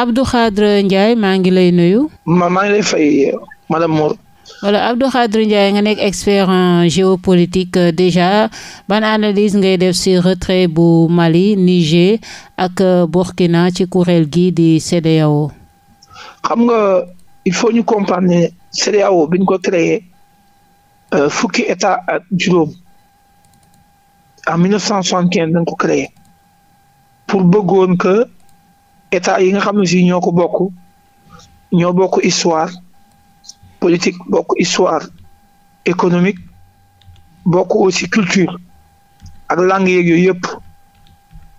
Abdou Khadre Ndiaye maa ngi lay nuyu. ma maa ngi lay fay madame Moreau. voilà Abdou Khadre Ndiaye nga nekk expert en géopolitique euh, déjà ban analyse ngay def ci retrait bu Mali Niger ak euh, Burkina ci kuréel gi di CEDEAO. xam nga il faut ñu comprendre ne CEDEAO ko créé euh, fukki état ak juróom en 1975 dañ ko créé pour bëggoon que. état yi nga xam ne si ñoo ko bokk ñoo bokk histoire politique bokk histoire économique bokk aussi culture ak langue yeeg yooyu yëpp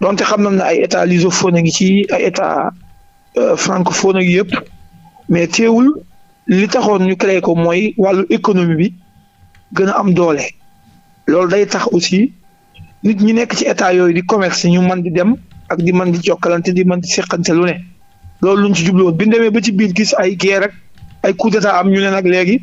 donte xam nañ na ay état lusophone a ngi ci ay état euh, francophone ak yëpp mais teewul li taxoon ñu créé ko mooy wallu économie bi gën a am doole loolu day tax aussi nit ñi nekk ci état yooyu di commerce ñu man di dem ak di mën di jokkalante di mën di seqante loolu ci jubluwoon bi ba ci biir gis ay guerre rek ay coup d'état am ñu ne nag léegi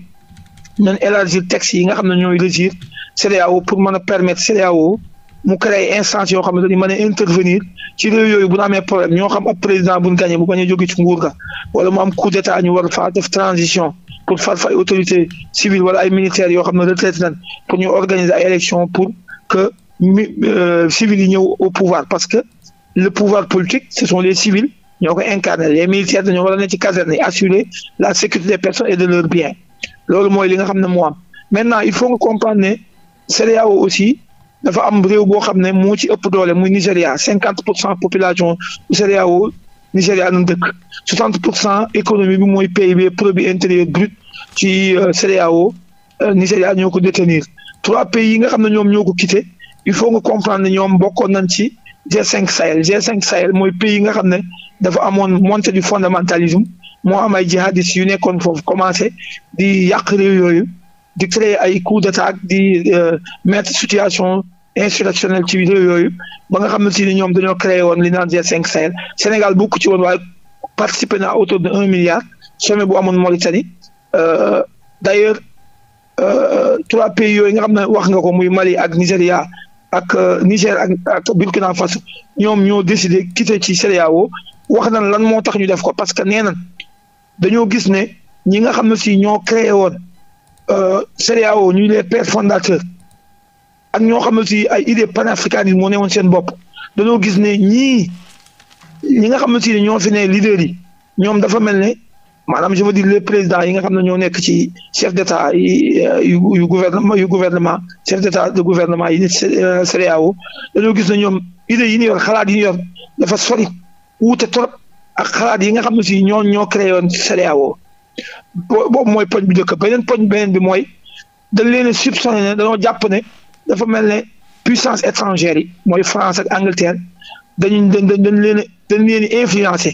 élargir texte yi nga xam ne ñooy régir CEDEAO pour mën a permettre CEDEAO mu créer instance yoo xam ne dañu mën a intervenir ci réew yooyu bu ñu amee problème ñoo xam ab président bu ñu gagné bu bañ a jóge ci nguur ga wala mu am coup d'état ñu war faa def transition pour far fa autorité civile wala ay militaires yoo xam ne retraite nañ pour le pouvoir politique ce sont les civils ñoo ko incarné les militaires dañoo war a nekk ci caserne yi assurer la sécurité des personnes et de leurs biens loolu mooy li nga xam ne moo am maintenant il faut nga comprendre ne CEDEAO aussi dafa am réew boo xam ne moo ci ëpp doole muy Nigéria cinquante pour cent population CEDEAO Nigéria nu dëkk soixante pour cent économie bi mooy PIB produit intérieur brut ci euh, CEDEAO euh, Nigéria ñoo ko détenir trois pays yi nga xam ne ñoom ñoo ko quitté il faut nga comprendre ñoom bokkoon nañ ci g cinq Sahel G5 Sahel mooy pays yi nga xam ne dafa amoon montée du fondamentalisme moo am ay jihadistes yu nekkoon foofu commencé di yàq réew yooyu di créer ay coup d'attaque di euh, mettre situation insurrectionnelle ci réew yooyu ba nga xam ne si ni ñoom dañoo créé woon li naan G5 Sahel Sénégal bokk ci woon waaye participé na à hauteur de un milliard sommet bu amoon Mauritanie euh, d'ailleurs euh, trois pays yooyu nga xam ne wax nga ko muy Mali ak Nigéria ak euh, Niger ak ak Burkina Faso ñoom ñoo décidé quitter ci CEDEAO wax nañ lan moo tax ñu def ko parce que nee nañ dañoo gis ne ñi nga xam ne si ñoo créé woon euh, CEDEAO ñu les pères fondateurs ak ñoo xam na si ay idée panafricanisme moo ne woon seen bopp dañoo gis ne ñii ñi nga xam ne si ñoo fi ne leader yi ñoom dafa mel ne. maanaam je veux dire les présidents yi nga xam ne ñoo nekk ci chef d' état euh, yu yu gouvernement yu gouvernement chef de gouvernement yi ne euh, CEDEAO dañoo gis ne ñoom idées yi ñu yor xalaat yi ñu yor dafa sori wuute trop ak xalaat yi nga xam ne si ñoo ñoo créé woon CEDEAO boobu mooy poñ bi njëkk beneen poñ beneen bi mooy dañ leen a soupçonné ne dañoo jàpp ne dafa mel ne puissance étrangère yi mooy France ak Angleterre dañu dañ dañ leen dañ leen influencé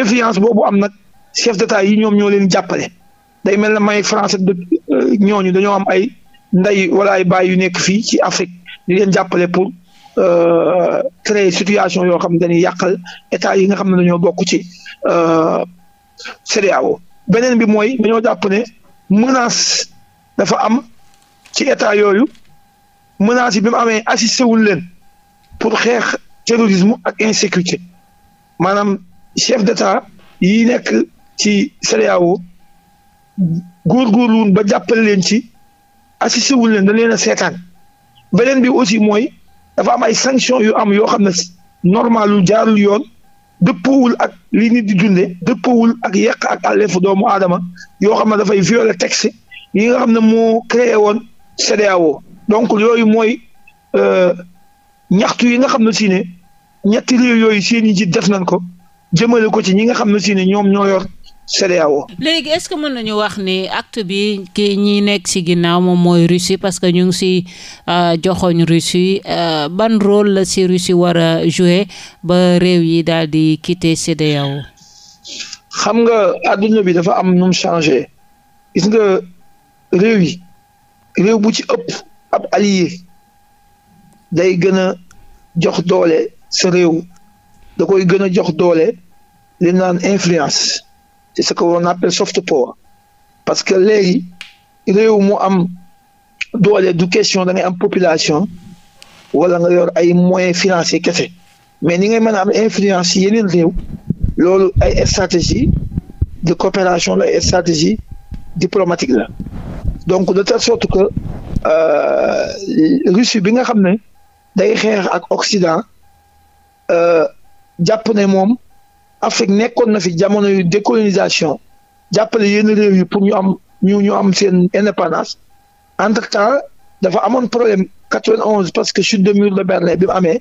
influence boobu am nag. chef d'état yi ñoom ñoo leen jàppale day mel ne may français de euh, ñooñu dañoo am ay nday wala ay baay yu nekk fii ci Afrique di leen jàppale pour euh, créer situation yoo xam ne dañuy yàqal état yi nga xam ne dañoo bokk ci euh, CEDEAO beneen bi mooy dañoo jàpp ne menace dafa am ci état yooyu menace yi bi amee assisté wul leen pour xeex terrorisme ak insécurité maanaam chef d'état yi nekk ci CEDEAO góorgóorlu woon ba jàppale leen ci assisté wuñ leen da leen a seetaan beneen bi aussi mooy dafa am ay sanctions yu am yoo xam ne normal lu jaarul yoon dëppoowul ak li nit di dundee dëppoowul ak yàq ak àlleefu doomu aadama yoo xam na dafay violer texte yi nga xam ne moo créé woon CEDEAO donc yooyu mooy euh, ñaxtu yi nga xam ne si ne ñetti réew yooyu seen yi ci def nañ ko jëmale ko ci ñi nga xam ne si ne ñoom ñoo yor CEDEAO. léegi est-ce que mën nañu wax ni acte bi ki ñi nekk ci ginnaaw moom mooy Russie parce que ñu ngi ci euh, joxoñ Russie euh, ban rôle la ci Russie war a jouer ba réew yi daal di quitter CEDEAO. xam nga adduna bi dafa am nu mu changé gis nga réew yi réew bu ci ëpp ab allié day gën a jox doole sa réew da koy gën a jox doole li naan influence. c'est ce qu'on appelle soft power parce que léegi réew mu am doole du question da ngay am population wala nga yor ay moyens financiers kese mais ni ngay mën a am influence ci yeneen réew loolu ay stratégie de coopération la ay stratégie diplomatique la donc de telle sorte que euh, Russie bi nga xam ne day xeex ak Occident euh, jàpp ne moom Afrique nekkoon na fi jamono yu décolonisation jàppale yenn réew yi pour ñu am ñu ñu am seen indépendance entre temps dafa amoon problème 91 parce que chute de mur de Berlin bi mu amee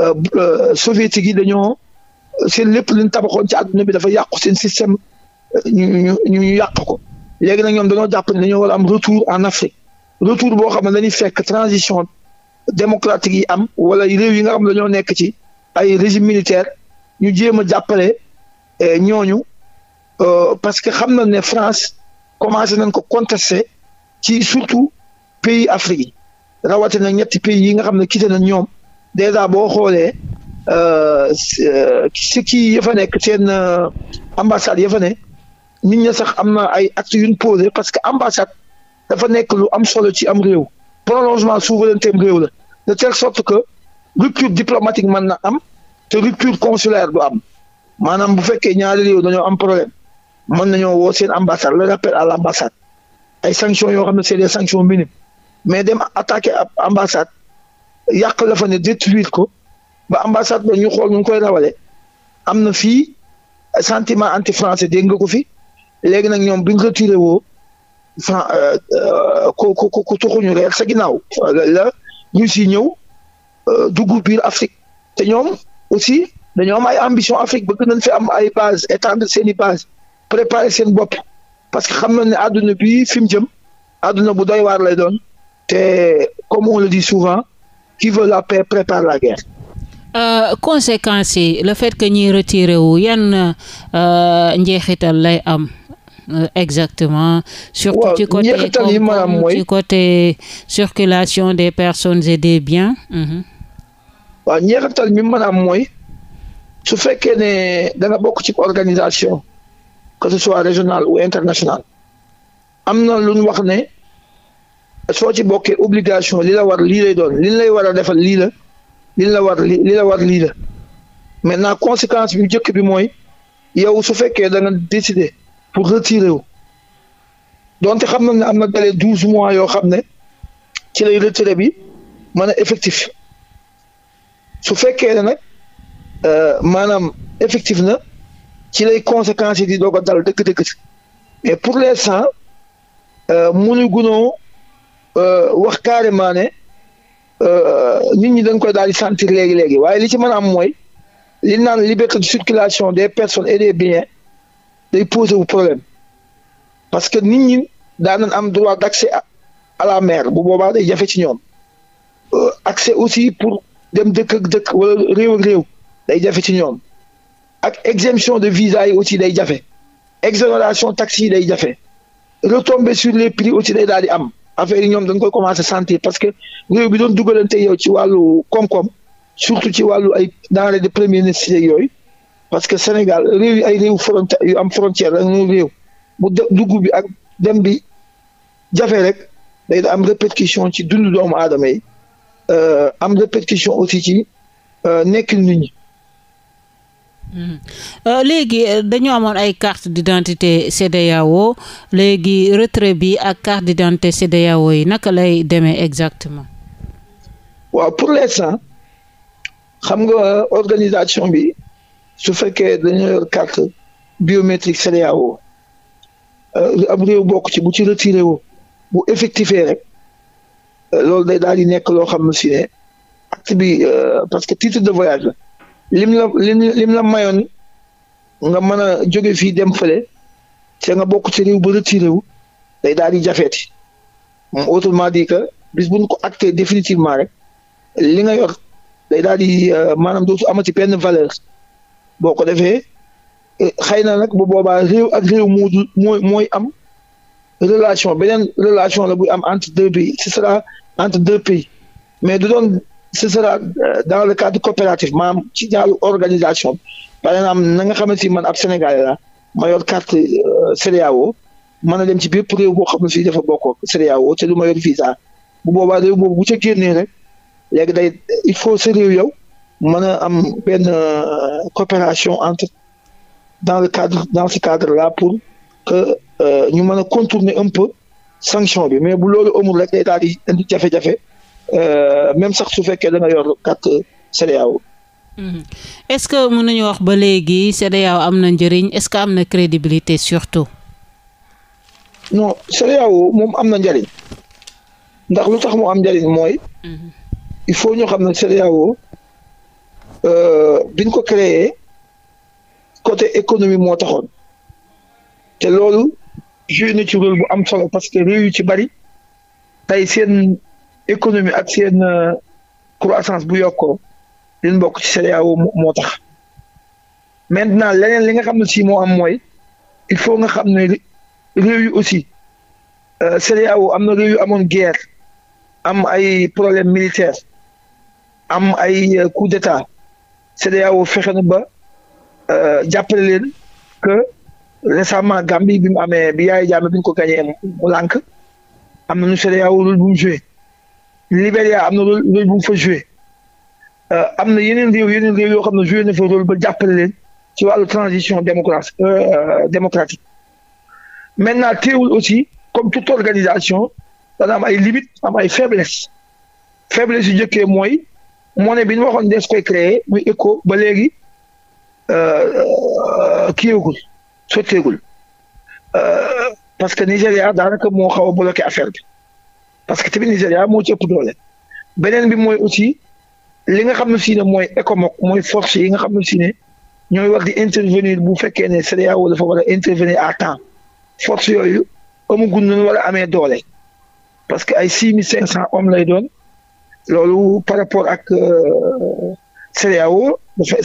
euh, euh, soviétique yi dañoo seen lépp luñ tabaxoon ci àdduna bi dafa yàqu seen système euh, ñu ñu ñu yàq ko léegi nag ñoom dañoo jàpp ne dañoo war am retour en Afrique retour bo xam ne dañuy fekk transition démocratique yi am wala réew yi nga xam dañoo nekk ci ay régime militaire ñu jéem a jàppale eh, ñooñu euh, parce que xam na ne France commencé nañ ko contesté ci surtout pays Afrique yi rawatina ñetti pays yi nga xam ne quitté nañ ñoom déjà boo xoolee euh, ce qui ya fa nekk seen euh, ambassade ya fa ne nit ña sax am na ay actes yu ñu parce que ambassade dafa nekk lu am solo ci am réew prolongement souveraineté am réew la de telle sorte que rupture diplomatique mën na am te rupture consulaire du am maanaam bu fekkee ñaari réew dañoo am problème mën nañoo woo seen ambassade le rappel à l' ambassade ay sanctions yoo xam ne c' est des sanctions minimes mais dem attaquer ab ambassade yàq la fa ne détruire ko ba ambassade ba ñu xool ñu koy rawale am na fii santiment anti français dégg nga ko fi léegi nag ñoom bi ñu retiré woo fran euh, euh, ku ku ku reer sa ginnaaw euh, la ñu si ñëw dugg biir Afrique te ñoom. aussi dañoo am ay ambition Afrique bëgg nañ fi am ay base étendre seen i base préparer seen bopp parce que xam nañ ne àdduna bi fi mu jëm àdduna bu doy waar lay doon te comme on le dit souvent qui veut la paix prépare la guerre. Euh, conséquences yi le fait que ñuy retiré wu yan euh, njeexital lay am euh, exactement. surtout ci côté njeexital yi maanaam mooy ci côté circulation des personnes et des biens. mm waaw njeexatal mi mën am mooy su fekkee ne da nga bokk ci organisation que ce soit régionale ou internationale am na lu ñu wax ne soo ci bokkee obligation li la war lii lay doon lii lay war a defal lii la li la war li li la war lii la maintenant conséquence bi njëkk bi mooy yow su fekkee da nga décider pour retirer wu donte xam na ne am na délai douze mois yoo xam ne ci lay retiré bi mën a effectif su fekkee ne nag euh, maanaam effectif na ci lay conséquences yi di doog a dal dëkk dëgg mais pour l'instant euh, mënu gunoo euh, wax carrément ne nit ñi dañ koy daal di sentir léegi léegi waaye li ci mën a am mooy li naan liberté de circulation des personnes et des biens day poser wu problème parce que nit ñi daan am droit d'accès à la mer bu boobaa day jafe ci ñoom accès aussi pour dem dëkk ak dëkk wala réew ak réew day jafe ci ñoom ak exemption de visa yi aussi day jafe exonération taxe yi day jafe retombée sur les prix aussi day daal di am affaire yi ñoom dañ koy commencer sentir parce que réew bi doon dugalante yow ci wàllu koom-koom surtout ci wàllu ay denrées de première nécessité yooyu parce que Sénégal réew yi ay réew frontière yu am frontière ak ñu réew mu dugg bi ak dem bi jafe rek day am répercussion ci dundu doomu aadama yi Euh, am répercussion aussi ci euh, nekk nit ñi. Hmm. Euh, léegi dañoo amoon ay carte d'identité CEDEAO léegi retrait bi ak carte d'identité CEDEAO yi naka lay demee exactement. waaw pour l'instant xam nga organisation bi su fekkee dañoo yor carte biométrique CEDEAO am réew bokk ci bu ci retiré woo bu effectifié rek loolu day daal di nekk loo xam ne si ne acte bi euh, parce que titre de voyage la lim la lim lim la mayoon nga mën a jóge fii dem fale te nga bokk ci réew ba retiré wu day daal di jafeeti autrement di que bis buñ ko acté définitivement rek li nga yor day daal di euh, maanaam dootu amati benn valeur boo ko defee euh, xëy na nag bu boobaa réew ak réew moo mooy mooy am relation beneen relation la buy am entre deux pays ce sera entre deux pays mais du doon ce sera euh, dans le cadre coopératif maanaam ci ñaaru organisation par exemple na nga xamante ni man ab Sénégalais la ma yor carte euh, CEDEAO mën a dem ci bépp réew boo xam ne fii dafa bokk CEDEAO te du ma yor visa bu boobaa réew boobu bu ca génnee rek léegi day il faut sa réew yow mën a am benn euh, coopération entre dans le cadre dans ce cadre là pour que euh, ñu mën a contourner un peu sanction bi mais bu loolu amul rek daal di indi jafe-jafe euh, même sax su fekkee da nga yor carte CEDEAO mm-hmm. est-ce que mën nañu wax ba léegi CEDEAO am na njëriñ est-ce que am na crédibilité surtout. non CEDEAO moom am na njëriñ ndax lu tax mu am njëriñ mooy. Mm-hmm. il faut ñu xam ne CEDEAO euh, biñ ko créer côté économie moo taxoon. te loolu joué na ci rôle bu am solo parce que réew yu ci bari tey seen économie ak seen euh, croissance bu yokkoo leen bokk ci CEDEAO moo tax maintenant leneen li nga xam ne si moo am mooy il faut nga xam ne réew yu aussi CEDEAO euh, am na réew yu amoon guerre am ay problème militaire am ay euh, coup d'état CEDEAO fexe na ba jàppale leen récemment Gambie bi mu amee bi Yaya Jammeh bi ñu ko gagné mu am na nu CEDEAO rôle bu mu joué Libéria am na rôle bu mu fa joué euh, am na yeneen réew yeneen réew yoo xam ne joué na fa rôle ba jàppale ci wàllu transition démocratique euh, euh, démocratique maintenant teewul aussi comme toute organisation am ay limites am ay faiblesse faiblesse yu njëkkee mooy monnaie bi ñu waxoon des koy créé muy éco ba léegi kiiwagul sotteegul euh, parce que Nigéria daanaka moo xaw a bloqué affaire bi parce que tamit moo ci ëpp doole beneen bi mooy aussi li nga xam ne si ne mooy ECOMOG mooy force yi nga xam ne si ne ñooy war di intervenir bu fekkee ne CEDEAO dafa war a intervenir à temps force yooyu amagul nañu war amee doole parce que ay six mille cinq cent hommes lay doon loolu par rapport ak euh, CEDEAO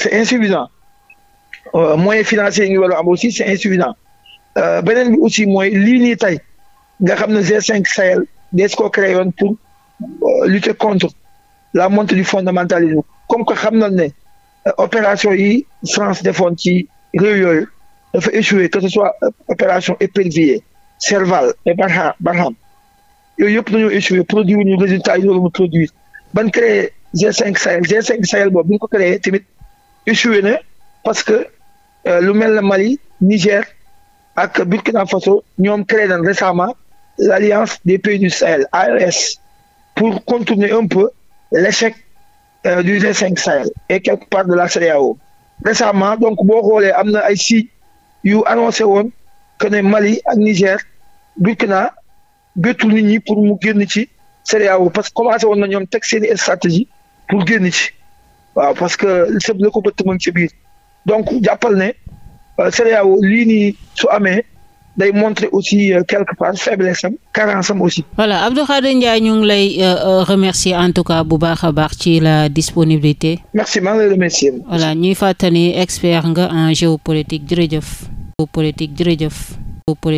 c'est insuffisant Euh, moyens financiers yi ñu war a am euh, beneen bi aussi mooy lii nii tey nga xam ne g cinq Sahel des ko créé woon pour euh, lutter contre la montée du fondamentalisme comme que xam na ne opération yi de defoon ci réew yooyu dafa échoué que ce soit opération épervier Serval et Barkhane Barkhane yooyu yëpp dañoo échoué produire ñu résultat yi loolu mu produire ban créé G5 Sahel G5 Sahel boobu bi ñu ko créé tamit parce que Euh, lu mel ne Mali Niger ak Burkina Faso ñoom créé nañ récemment l'alliance des pays du Sahel AES pour contourner un peu l'échec euh, du G5 Sahel et quelque part de la CEDEAO récemment donc boo xoolee am na ay signes yu annoncé woon que Mali ak Niger Burkina bettul nit ñi pour mu génn ci CEDEAO parce que commencé woon na ñoom teg seen i stratégie pour génn ci waaw parce que sëb la ko bëtt mu donc jàppal ne euh, CEDEAO lii nii su amee day montrer aussi euh, quelque part faiblesse am carence am aussi. voilà Abdou Khadre Ndiaye ñu ngi lay euh, remercier en tout cas bu baax a baax ci la disponibilité. merci maa ngi lay remercier. voilà ñuy fàttali expert nga en géopolitique jërëjëf. géopolitique jërëjëf.